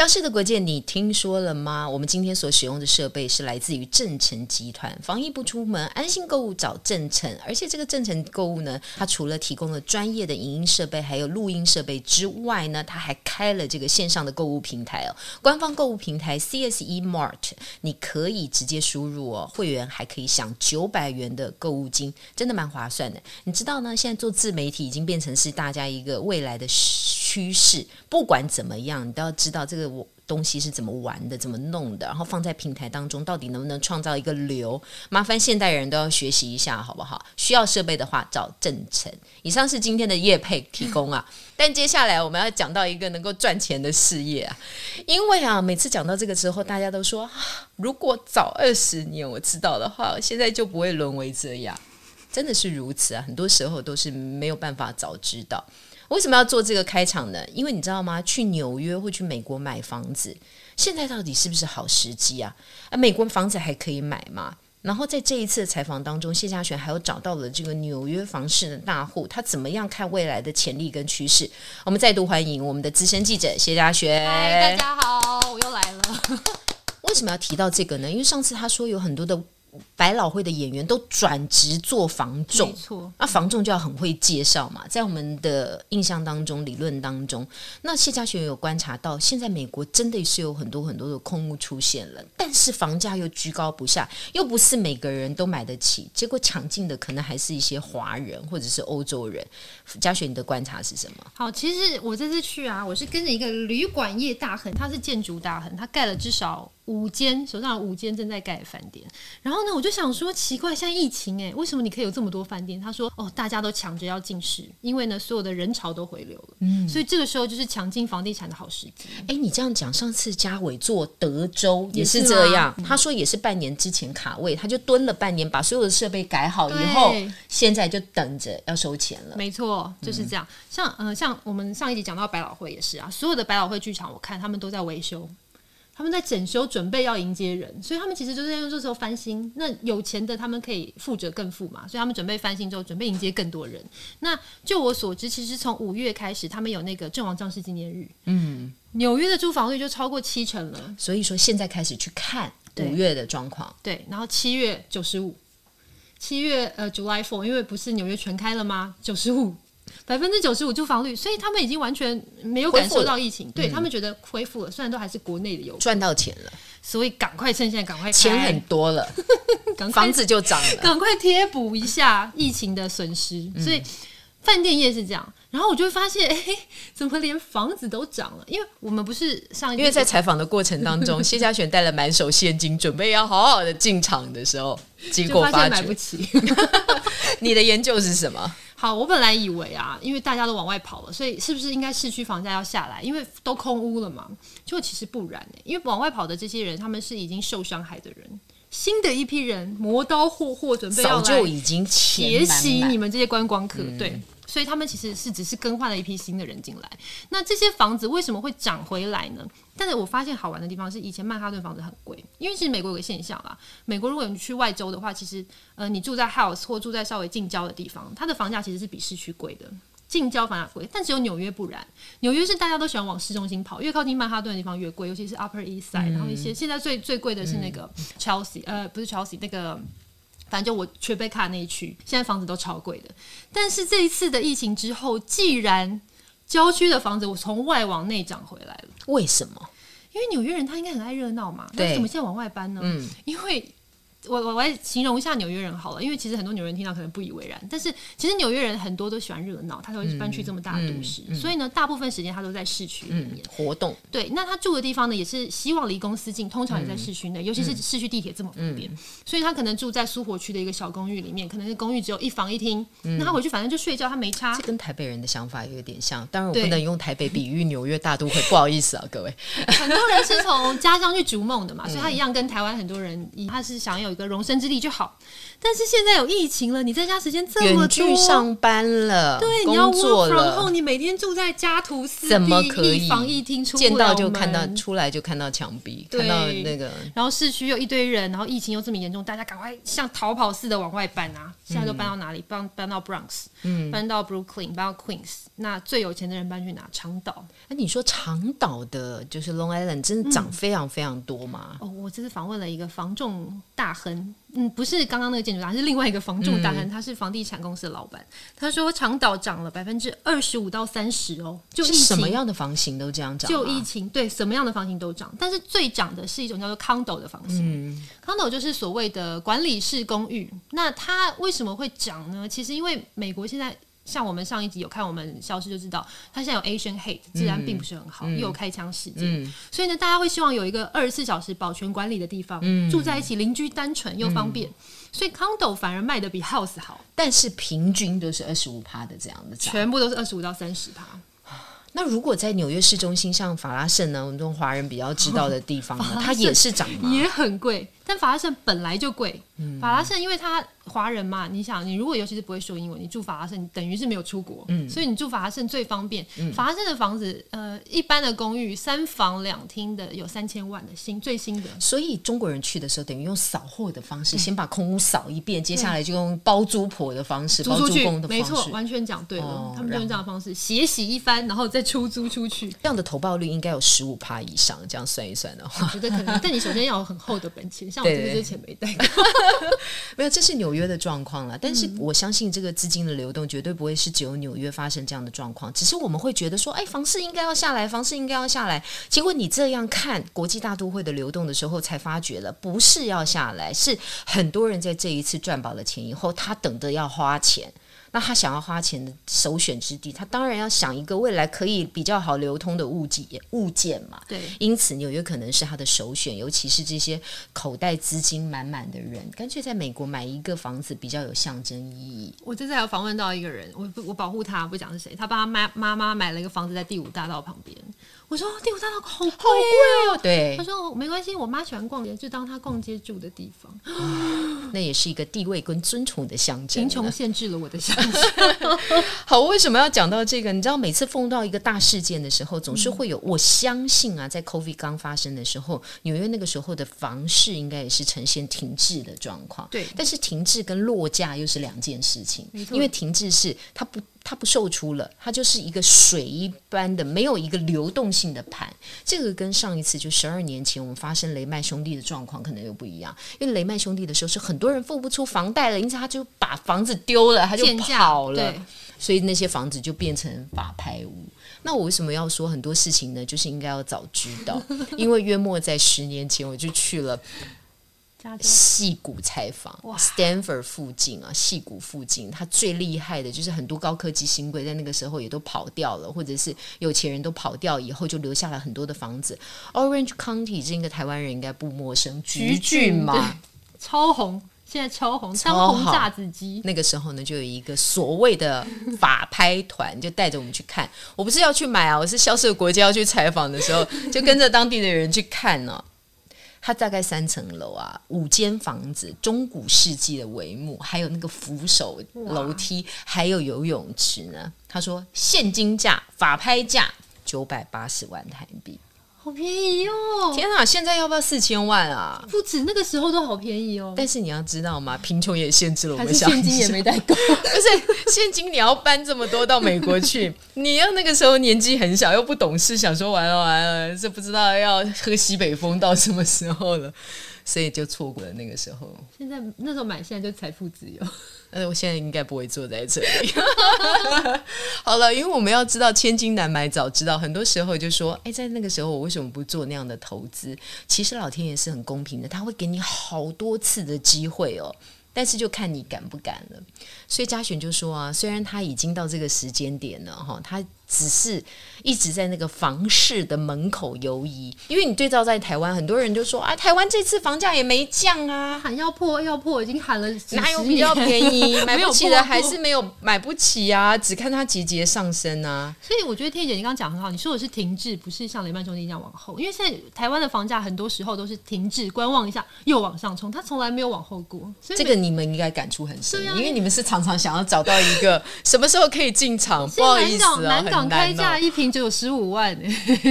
消失的國界，你聽說了嗎？我們今天所使用的設備是來自於正成集團。防疫不出門，安心購物找正成。而且這個正成購物呢，它除了提供了專業的影音設備，還有錄音設備之外呢，它還開了這個線上的購物平台哦。官方購物平台 CSE Mart，你可以直接輸入哦。會員還可以享九百元的購物金，真的蠻划算的。你知道呢？現在做自媒體已經變成是大家一個未來的趨勢，不管怎麼樣，你都要知道這個東西是怎麼玩的、怎麼弄的，然後放在平台當中，到底能不能創造一個流？麻煩現代人都要學習一下，好不好？需要設備的話，找鄭成。以上是今天的業配提供啊。但接下來我們要講到一個能夠賺錢的事業啊，因為啊，每次講到這個時候，大家都說，如果早二十年我知道的話，現在就不會淪為這樣。真的是如此啊，很多時候都是沒有辦法早知道。為什麼要做這個開場呢？因為你知道嗎？去紐約或去美國買房子，現在到底是不是好時機啊？啊，美國房子還可以買嗎？然後在這一次的採訪當中，謝佳璇還有找到了這個紐約房市的大戶，他怎麼樣看未來的潛力跟趨勢？我們再度歡迎我們的資深記者謝佳璇。嗨，大家好，我又來了。 為什麼要提到這個呢？因為上次他說有很多的。百老匯的演員都轉職做房仲，沒錯。那房仲就要很會介紹嘛，在我們的印象當中、理論當中，那謝佳璇有觀察到，現在美國真的是有很多很多的空屋出現了，但是房價又居高不下，又不是每個人都買得起，結果搶進的可能還是一些華人或者是歐洲人。佳璇，你的觀察是什麼？好，其實我這次去啊，我是跟着一個旅館業大亨，他是建築大亨，他蓋了至少，五間手上的五間正在蓋的飯店，然後呢，我就想說奇怪，現在疫情誒、欸，為什麼你可以有這麼多飯店？他說哦，大家都搶着要進市，因為呢，所有的人潮都回流了，嗯，所以這個時候就是搶進房地產的好時機。哎、欸，你這樣講，上次家偉做德州也是這樣是、嗯，他說也是半年之前卡位，他就蹲了半年，把所有的設備改好以後，現在就等着要收錢了。沒錯，就是這樣。像呃，像我們上一集講到百老匯也是啊，所有的百老匯劇場，我看他們都在維修。他們在整修，準備要迎接人，所以他們其實就是在用這時候翻新。那有錢的，他們可以負責更富嘛，所以他們準備翻新之後，準備迎接更多人。那就我所知，其實從五月開始，他們有那個陣亡將士紀念日。嗯，紐約的租房率就超過七成了，所以說現在開始去看五月的狀況。對，然後七月九十五，七月呃，July 4, 因為不是紐約全開了嗎？九十五。百分之九十五住房率，所以他們已經完全沒有感受到疫情，了，對、嗯、他們覺得恢復了。雖然都還是國內的遊客賺到錢了，所以趕快趁現在趕快錢很多了， 房子就漲，了，趕快貼補一下疫情的損失，嗯。所以飯、嗯、店業是這樣，然後我就會發現，哎、欸，怎麼連房子都漲了？因為我們不是上一因為在採訪的過程當中，謝家璇帶了滿手現金， 準備要好好的進場的時候，結果發，發現買不起。 你的研究是什麼？好，我本來以為啊，因為大家都往外跑了，所以是不是應該市區房價要下來？因為都空屋了嘛。就其實不然誒、欸，因為往外跑的這些人，他們是已經受傷害的人，新的一批人磨刀霍霍，準備要早就已經劫襲你們這些觀光客，滿滿嗯、對。所以他們其實是只是更換了一批新的人進來。那這些房子為什麼會漲回來呢？但是我發現好玩的地方是，以前曼哈頓房子很貴，因為其實美國有個現象啦，美國如果你去外州的話，其實呃你住在 house 或住在稍微近郊的地方，它的房價其實是比市區貴的，近郊房價貴，但只有紐約不然，紐約是大家都喜歡往市中心跑，越靠近曼哈頓的地方越貴，尤其是 Upper East Side，、嗯、然後一些現在最最貴的是那個 Chelsea，、嗯、呃不是 Chelsea 那個。反正就我全被卡那一區，現在房子都超貴的。但是這一次的疫情之後，既然郊區的房子我從外往內漲回來了，為什麼？因為紐約人他應該很愛熱鬧嘛，對？怎麼現在往外搬呢？嗯，因為。我我我來形容一下紐約人好了，因為其實很多紐約人聽到可能不以為然，但是其實紐約人很多都喜歡熱鬧，他都會搬去這麼大的都市，嗯嗯、所以呢，大部分時間他都在市區裡面、嗯、活動。對，那他住的地方呢，也是希望離公司近，通常也在市區內、嗯，尤其是市區地鐵這麼方便、嗯嗯，所以他可能住在蘇活區的一個小公寓裡面，可能是公寓只有一房一廳、嗯。那他回去反正就睡覺，他沒差。嗯、沒差，這跟台北人的想法有點像，當然我不能用台北比喻紐約大都會，不好意思啊， 各位。很多人是從家鄉去逐夢的嘛， 所以他一樣跟台灣很多人，他是享有。有一個容身之地就好，但是現在有疫情了，你在家時間這麼多、啊，上班了，對，了你要工作，然後你每天住在家徒四壁，一房一廳出見到就看到，出來就看到牆壁，看到那個，然後市區有一堆人，然後疫情又這麼嚴重，大家趕快像逃跑似的往外搬啊！現在都搬到哪裡？搬搬到 Bronx，嗯，搬到 Brooklyn，搬到 Queens。那最有錢的人搬去哪？長島。哎、啊，你說長島的就是 Long Island，真的漲非常非常多嗎？嗯、哦，我這次訪問了一個房仲大。很，嗯，不是剛剛那個建築大，是另外一個房住大亨、嗯，他是房地產公司的老板。他說長島漲了百分之二十五到三十哦，就是什麼樣的房型都這樣漲、啊，就疫情對，什麼樣的房型都漲，但是最漲的是一種叫做 condo 的房型、嗯、，condo 就是所謂的管理式公寓。那它為什麼會漲呢？其實因為美國現在。像我們上一集有看，我們消失就知道，它現在有 Asian hate，治安並不是很好，嗯、又有開槍事件，所以呢，大家會希望有一個二十四小時保全管理的地方，嗯、住在一起，鄰居單純又方便、嗯，所以 Condo 反而賣得比 House 好，但是平均都是二十五趴的這樣的價，全部都是二十五到三十趴。那如果在紐約市中心，像法拉盛呢，我們華人比較知道的地方呢，哦、它也是漲嗎？也很貴。但法拉盛本來就貴，嗯，法拉盛因為他華人嘛，你想你如果尤其是不會說英文，你住法拉盛，你等於是沒有出國，嗯，所以你住法拉盛最方便。嗯、法拉盛的房子，呃，一般的公寓三房兩廳的有三千萬的新，最新的，所以中國人去的時候，等於用掃貨的方式，嗯，先把空屋掃一遍，接下來就用包租婆的方式、包租公的方式，租出去，沒錯，完全講對了，哦、他們就用這樣的方式洗，洗一番，然後再出租出去，這樣的投報率應該有十五帕以上，這樣算一算的話，我覺得可能， 但你首先要有很厚的本錢，對對對 沒有，這是紐約的狀況了。但是我相信，這個資金的流動絕對不會是只有紐約發生這樣的狀況。只是我們會覺得說，哎，房市應該要下來，房市應該要下來。結果你這樣看國際大都會的流動的時候，才發覺了，不是要下來，是很多人在這一次賺飽了錢以後，他等着要花錢。那他想要花錢的首選之地，他當然要想一個未來可以比較好流通的物件物件嘛。對，因此紐約可能是他的首選，尤其是這些口袋資金滿滿的人，乾脆在美國買一個房子比較有象徵意義。我這次還有訪問到一個人，我我保護他不講是誰，他爸媽媽媽買了一個房子在第五大道旁邊。我說第五大道好，好貴哦。對，他說沒關係，我媽喜歡逛街，就當她逛街住的地方。嗯啊、那也是一個地位跟尊崇的象徵。貧窮限制了我的想象。 好，我為什麼要講到這個？你知道，每次碰到一個大事件的時候，總是會有。嗯、我相信啊，在 COVID 剛發生的時候，紐約那個時候的房市應該也是呈現停滯的狀況。對，但是停滯跟落價又是兩件事情，因為停滯是它不。它不售出了，它就是一個水一般的，沒有一個流動性的盤。這個跟上一次就十二年前我們發生雷曼兄弟的狀況可能又不一樣。因為雷曼兄弟的時候是很多人付不出房貸了，因此他就把房子丟了，他就跑了，減價，對。所以那些房子就變成法拍屋。那我為什麼要說很多事情呢？就是應該要早知道， 因為約莫在十年前我就去了。矽谷，採訪 Stanford 附近啊，矽谷附近。它最厲害的就是很多高科技新貴在那個時候也都跑掉了，或者是有錢人都跑掉以後，就留下了很多的房子。Orange County 這個台灣人應該不陌生，橘郡嘛，超紅，現在超紅，超紅炸子雞。那個時候呢，就有一個所謂的法拍團， 就帶着我們去看。我不是要去買啊，我是消失的國界要去採訪的時候，就跟着當地的人去看了，啊。 他大概三層樓啊，五間房子，中古世紀的帷幕，還有那個扶手樓梯，還有游泳池呢。他說，現金價、法拍價九百八十萬台幣。好便宜哦！天啊，現在要不要四千萬啊？不止那個時候都好便宜哦。但是你要知道嘛，貧窮也限制了我們一下。現金也沒帶夠，不是？現金你要搬這麼多到美國去？ 你要那個時候年紀很小，又不懂事，想說完了完了，這不知道要喝西北風到什麼時候了，所以就錯過了那個時候。現在那時候買，現在就財富自由。呃，我現在應該不會坐在這裡。 好了，因為我們要知道，千金難買早知道。很多時候就說，哎、欸，在那個時候我為什麼不做那樣的投資？其實老天爺是很公平的，他會給你好多次的機會哦，但是就看你敢不敢了。所以嘉軒就說啊，雖然他已經到這個時間點了哈，他。只是一直在那個房市的門口游移，因為你對照在台灣，很多人就說啊，台灣這次房價也沒降啊，喊要破要破，已經喊了，哪有比較便宜，買不起的還是沒有， 沒有破，買，還是沒有買不起啊，只看它節節上升啊。所以我覺得天姐你剛剛講很好，你說的是停滯，不是像雷曼兄弟一樣往後，因為現在台灣的房價很多時候都是停滯，是觀望一下又往上衝，它從來沒有往後過。這個你們應該感觸很深，因為你們是常常想要找到一個 什麼時候可以進場，不好意思啊。開價一坪只有十五萬，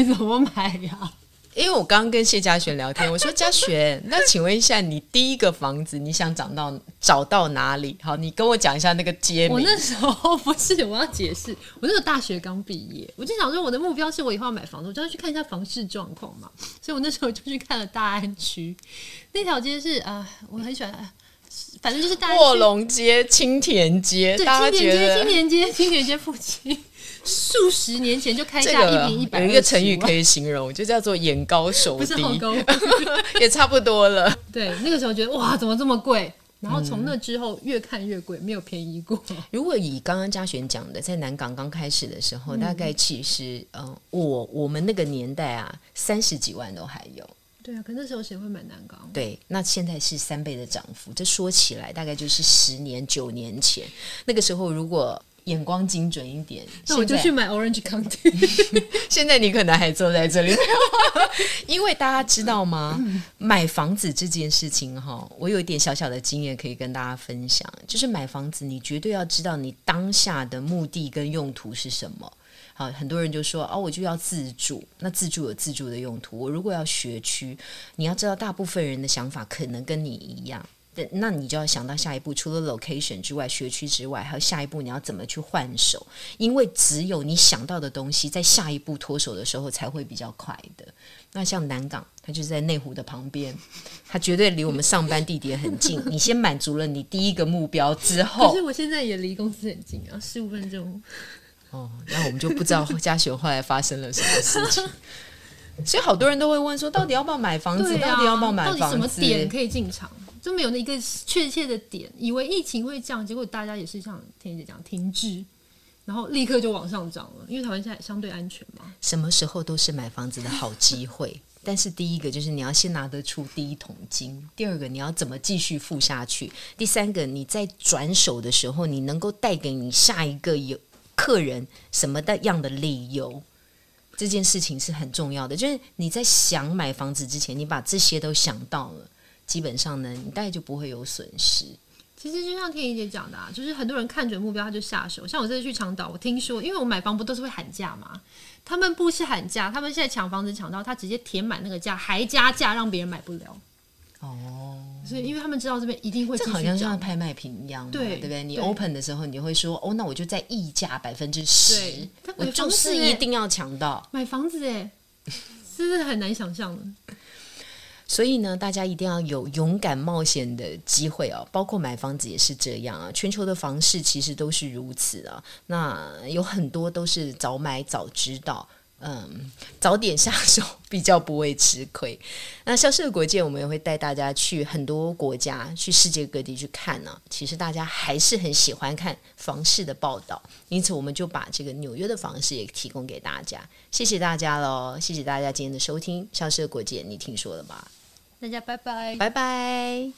怎麼買呀？因為我剛剛跟謝嘉璇聊天，我說：“嘉璇，那請問一下，你第一個房子你想漲到找到哪裡？好，你跟我講一下那個街名。”我那時候不是，我要解釋，我那時候大學剛畢業，我就想說我的目標是我以後要買房子，我就要去看一下房市狀況嘛，所以我那時候就去看了大安區那條街是啊、呃，我很喜歡。反正就是臥龍街、青田街，對大家覺得青田街、青田街、青田街附近，數十年前就開價一平一百，有一個成語可以形容，就叫做“眼高手低”，不是好高 也差不多了。對，那個時候覺得哇，怎麼這麼貴？然後從那之後、嗯、越看越貴，沒有便宜過。如果以剛剛嘉璇講的，在南港剛開始的時候，嗯、大概其實，嗯、呃，我我們那個年代啊，三十幾萬都還有。對啊，可那時候誰會買蛋糕？對，那現在是三倍的漲幅，這說起來大概就是十年九年前那個時候，如果眼光精準一點，那、嗯、我就去買 Orange County。 現在你可能還坐在這裡， 因為大家知道嗎？買房子這件事情哈、哦，我有一點小小的經驗可以跟大家分享，就是買房子你絕對要知道你當下的目的跟用途是什麼。啊，很多人就說哦，我就要自住。那自住有自住的用途。我如果要學區，你要知道，大部分人的想法可能跟你一樣。那你就要想到下一步，除了 location 之外，學區之外，還有下一步你要怎麼去換手？因為只有你想到的東西，在下一步脫手的時候才會比較快的。那像南港，它就是在內湖的旁邊，它絕對離我們上班地點很近。 你先滿足了你第一個目標之後，可是我現在也離公司很近啊，十五分鐘。哦，那我們就不知道嘉雪後來發生了什麼事情。 所以好多人都會問說，到底要不要買房子？啊、到底要不要買房子？到底什麼點可以進場？就沒有那一個確切的點。以為疫情會降，結果大家也是像天姐講，停滯，然後立刻就往上漲了。因為台灣現在相對安全嘛，什麼時候都是買房子的好機會。 但是第一個就是你要先拿得出第一桶金，第二個你要怎麼繼續付下去，第三個你在轉手的時候，你能夠帶給你下一個有。個人什麼的樣的理由，這件事情是很重要的。就是你在想買房子之前，你把這些都想到了，基本上呢，你大概就不會有損失。其實就像天怡姐講的，啊，就是很多人看準目標他就下手。像我這次去長島，我聽說，因為我買房不都是會喊價嘛，他們不是喊價，他們現在搶房子搶到，他直接填滿那個價，還加價讓別人買不了。哦、oh，所以因為他們知道這邊一定會，這好像像拍賣品一樣，對，對不對？你 open 的時候，你就會說，哦，那我就再溢價百分之十，我就是一定要搶到買房子，誒，是不是很難想象的？ 所以呢，大家一定要有勇敢冒險的機會哦，包括買房子也是這樣啊。全球的房市其實都是如此啊，那有很多都是早買早知道。嗯，早點下手比較不會吃虧。那消失的國界，我們也會帶大家去很多國家，去世界各地去看呢、啊。其實大家還是很喜歡看房市的報道，因此我們就把這個紐約的房市也提供給大家。謝謝大家嘍，謝謝大家今天的收聽。消失的國界，你聽說了嗎？大家拜拜，拜拜。